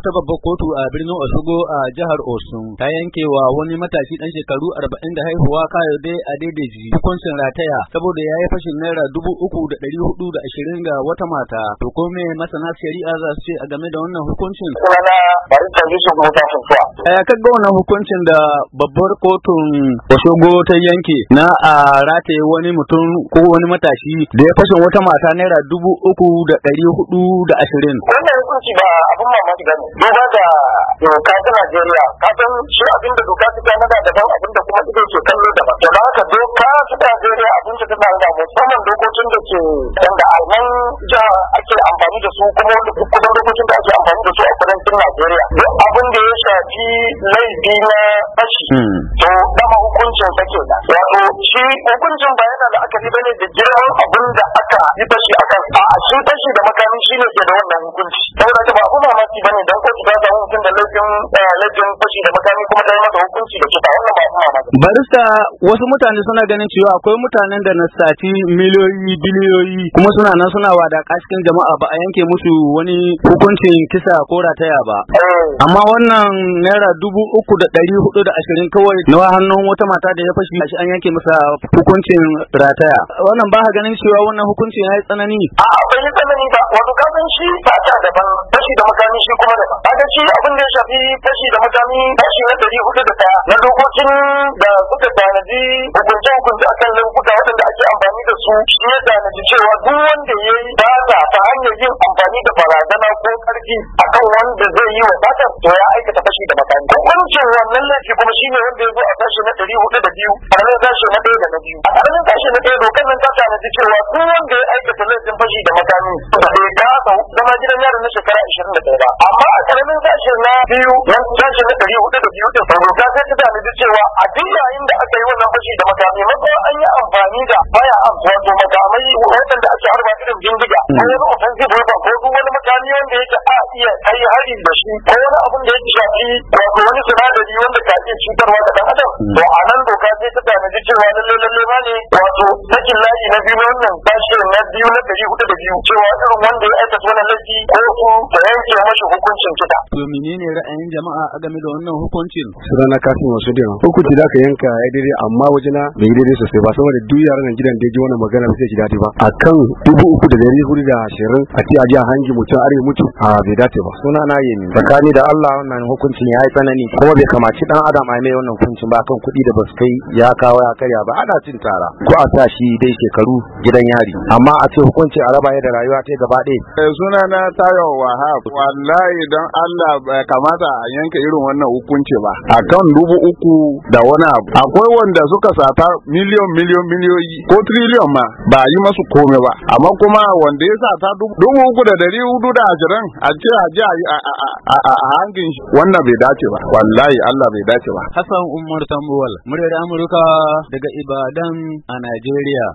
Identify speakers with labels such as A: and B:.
A: wata babbar kotu a birnin osogo a jihar Osun ta yanke wa wani matashi dan shekaru 40 da haihuwa a Adedeji hukuncin rataya saboda ya yi fashin naira 3420 ga wata mata. To ko me masana shari'a za su ce a game da wannan hukuncin?
B: Sunana bari ta
A: Ya kaga wannan hukuncin da babbar kotun osogo ta yanke na a rataye wani mutum ko wani matashi da ya fashin wata mata naira 3420. Wannan
B: shugabanci ba abin mamaki ba ne duba da doka ta Najeriya ka san shi abin da doka ta Canada daban abin da kuma ido ke kallo daban to da haka doka ta Najeriya abin da ta tsara musamman dokokin da ke da alman ja ake amfani da su kuma wanda dokokin da ake amfani da su a kudancin Najeriya duk abin da ya shafi laifi na fashi hmm. to dama hukuncin sa kenan wato shi hukuncin ba yana da akasi bane da jirgin abin da aka yi fashi akan a shi fashi da makami ne ke da wannan hukunci laifin eh, laifin fashi da makami kuma ta yi masa hukunci da kisa wannan ba
A: barista wasu mutane suna ganin cewa akwai mutanen da na sati miliyoyi biliyoyi kuma suna nan suna wada cikin jama'a ba a yanke musu wani hukuncin kisa ko rataya
B: ba eh.
A: amma wannan naira dubu uku da ɗari hudu da ashirin kawai na hannun wata mata da ya fashi shi an yanke masa hukuncin rataya wannan ba ka ganin cewa wannan hukuncin ya yi tsanani a
B: bai yi tsanani ba wato ka shi shi fata daban fashi da makami shi kuma daban kaga shi abin da ya shafi fashi da makami fashi na ɗari hudu da ɗaya na dokokin da suka tanaji hukunce hukunce akan lankuta waɗanda ake amfani da su shi ya tanaji cewa duk wanda ya yi ba ta hanyar yin amfani da barazana ko ƙarfi laifi akan wanda zai yi wa fatar to ya aikata fashi da makami hukuncin wannan laifi kuma shi ne wanda ya zo a tashi na ɗari hudu da biyu a ranar tashi na ɗaya da na biyu a ranar tashi na ɗaya dokar nan ta tanaji cewa duk wanda ya aikata laifin fashi da makami da bai kasa zama gidan yaro na shekara ashirin da ɗaya ba amma a karamin tashi na biyu na tashi na ɗari hudu da biyu ɗin Ta sai ta tanaji cewa a duk yayin da aka yi wannan fashi da makami mako an yi amfani da baya wato makamai waɗanda ake harba irin bindiga ko wani offensive weapon ko duk wani makami wanda yake a iya kai hari da shi ko wani abin da ya ci shafi wato wani sinadari wanda ka iya cutarwa ga dan adam hmm. to a nan doka sai ta tanaji cewa lalle lalle ba ne wato sakin lafiya na biyu wannan sashi na biyu
A: na ɗari hudu da biyu cewa irin wanda ya aikata wannan laifi ko kotu ta yanke mashi hukuncin kisa. To menene ra'ayin jama'a a game da wannan hukuncin? Sura na Kasim wasu dina. hukunci za ka yanka ya daidai amma wajen na bai daidai sosai ba saboda duk yaran nan gidan da ya ji wannan magana ba zai ji daɗi ba. A kan dubu uku da dari hudu da ashirin a ce a ji a hangi mutum are mutu a bai dace ba. Suna na yi tsakani da Allah wannan hukuncin ya yi tsanani kuma bai kamaci dan adam a yi mai wannan hukuncin ba kan kuɗi da ba su kai ya kawo ya karya ba ana cin tara ko a sa shi dai shekaru shekaru gidan yari amma a ce hukunci a raba da rayuwa ta gaba ɗaya
B: eh, suna na tayo wahab wallahi don Allah
A: bai kamata a yanke irin wannan hukunci ba A kan dubu uku da wani abu akwai wanda suka sata miliyon miliyon miliyoyi ko triliyon ma ba yi masu kome ba amma kuma wanda ya sata dubu uku da dari hudu da ashirin a ce a ji a hangin shi wannan bai dace ba wallahi Allah bai dace ba Hassan Umar Tambuwal muryar Amurka daga Ibadan a Najeriya